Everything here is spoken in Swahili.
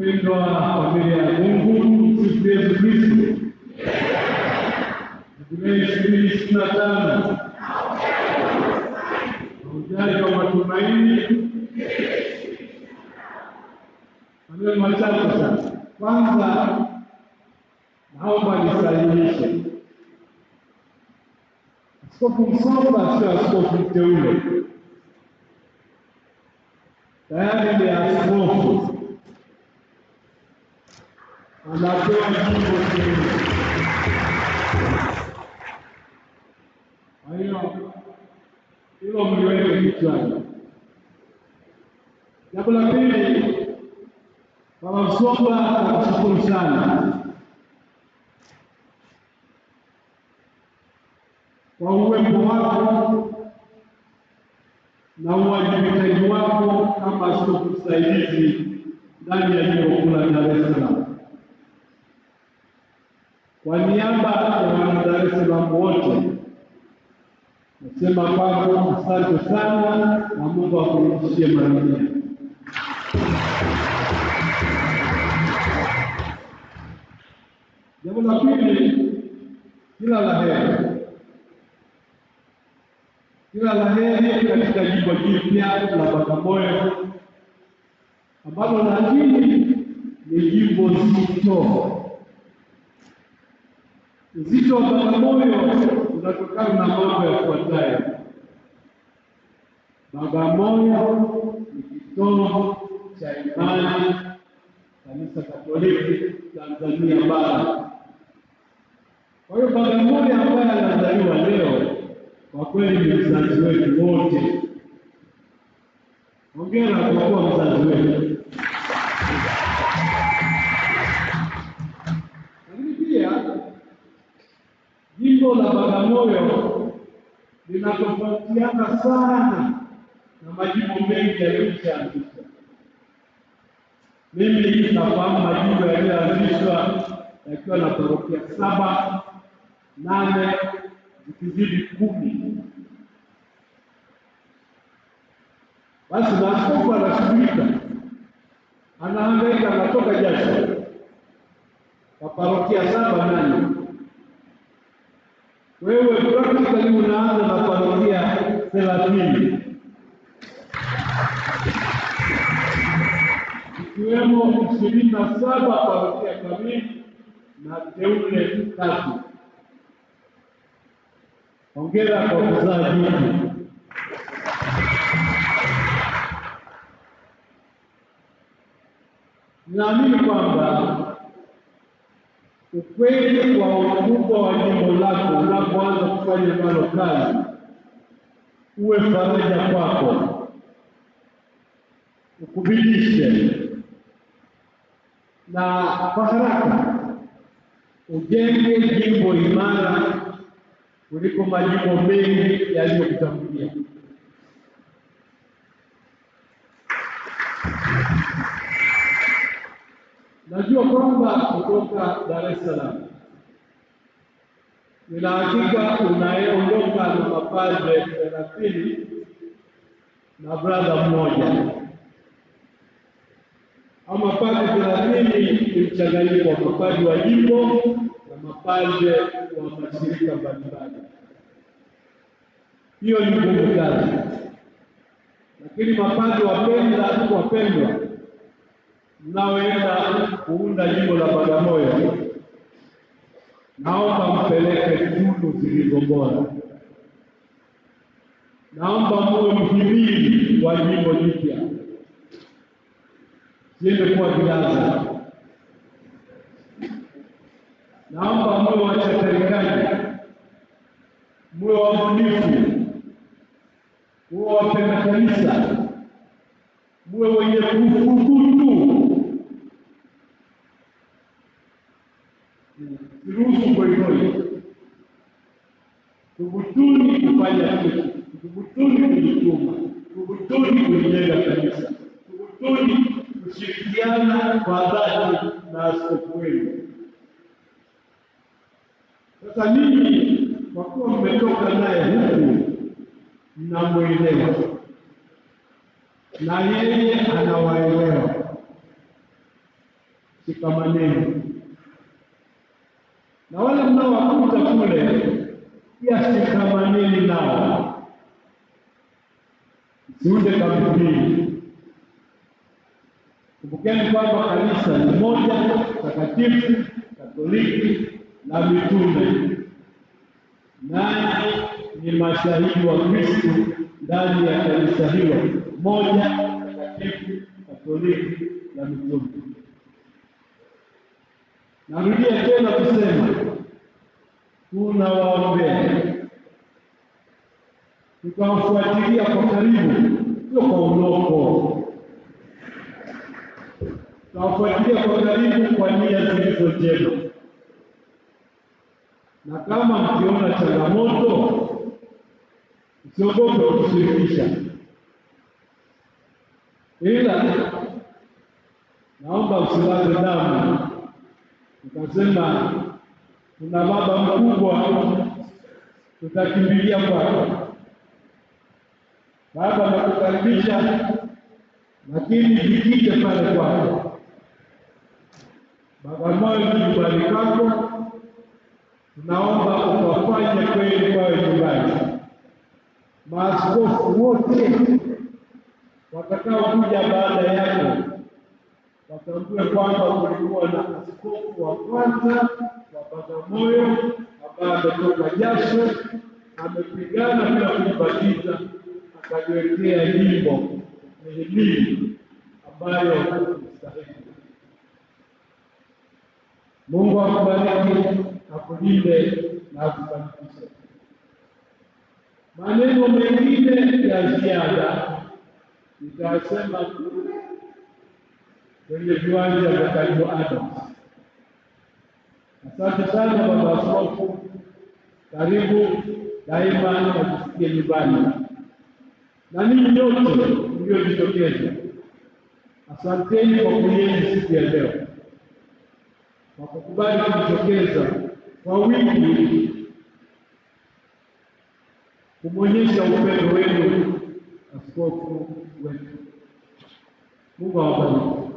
junto à família Mungu Natal, Yesu Kristo. Mtumishi ishirini ishirini na tano ujali wa matumaini maneno machache sana. Kwanza naomba nisalimishe Askofu eu sio askofu mteule, tayari ni askofu anatoa jibu tena. Kwa hiyo hilo mliweke kichwani. Jambo la pili, Baba Msomba nakushukuru sana kwa uwepo wako na uwajibikaji wako kama askofu msaidizi ndani ya jimbo kuu la Dar es Salaam. Kwa niaba ya Dar es Salaam wote nasema kwako asante sana, na Mungu akurudishie mara mia. Jambo la pili, kila la heri, kila la heri katika jimbo jipya la Bagamoyo ambalo lakini ni jimbo zito Uzito wa Bagamoyo unatokana na mambo yafuatayo. Bagamoyo ni kitovu cha imani kanisa Katoliki Tanzania bara. Kwa hiyo Bagamoyo ambaye anazaliwa leo kwa kweli ni mzazi wetu wote. Hongera kwa kuwa mzazi wetu. jimbo la Bagamoyo linatofautiana sana na majimbo mengi yaliyokwishaanzishwa. Mimi hii nafahamu majimbo yaliyoanzishwa yakiwa na parokia saba, nane, zikizidi kumi. Basi maaskofu anashughulika, anahangaika, anatoka jasho kwa parokia saba, nane wewe practically unaanza na kuanzia thelathini ikiwemo ishirini na saba familia kamili na teule tatu. Hongera kwa kuzaa juzi. Naamini kwamba ukweli wa ukubwa wa jimbo lako unapoanza kufanya nalo kazi, uwe faraja kwako, ukubidishe na kwa haraka ujenge jimbo imara kuliko majimbo mengi yaliyokutangulia. Najua kwamba kutoka Dar es Salaam nina hakika unayeondoka na mapadre thelathini na brother mmoja au mapadre thelathini ni mchanganyiko wa mapadre wa jimbo na mapadre wa mashirika mbalimbali. Hiyo ni nguvu kazi, lakini mapadre wapenda wapendwa mnaoenda kuunda jimbo la Bagamoyo, naomba mpeleke tunu zilizo bora. Naomba muwe mhimili wa jimbo jipya, ziende kuwa vilaza. Naomba muwe wachatarikaji, muwe wabunifu, muwe wapenda kanisa, muwe wenye kufuku Tuli kulijenga kanisa, tuli kushirikiana kwa dhati na askofu wenu. Sasa nini kwa kuwa mmetoka naye huku, mnamwelewa na yeye anawaelewa, shikamaneni na wale mnaowakuta kule, pia shikamaneni nao Tuunde kambi mbili. Kumbukeni kwamba kanisa ni moja takatifu, Katoliki na mitume, naye ni mashahidi wa Kristo ndani ya kanisa hilo moja takatifu, Katoliki na mitume. Narudia tena kusema tunawaombea nikawafuatilia kwa karibu, sio kwa uloko. nikawafuatilia kwa karibu kwa nia zilizo njema, na kama mkiona changamoto msiogope kushirikisha, ila naomba usiwaze damu Nikasema kuna baba mkubwa, tutakimbilia kwake. Baba nakukaribisha, lakini jikite pale kwako Bagamoyo, nyumbani kwako, tunaomba ukafanye kweli kwawe nyumbani. Maaskofu wote watakaokuja baada yako watambue kwamba kulikuwa na askofu wa kwanza wa Bagamoyo ambaye ametoka jasho, amepigana bila kujibatiza najiwekea jimbo lenye dini ambayo stahiki. Mungu akubariki, akulinde na akufanikishe. Maneno mengine ya ziada nitasema kule kwenye viwanja vya karibu Adams. Asante sana baba askofu, karibu daima, kusikia nyumbani na ninyi nyote mliojitokeza, asanteni kwa kuenzi siku ya leo, kwa kukubali kujitokeza kwa wingi kumwonyesha upendo wenu askofu wetu. Mungu awabariki.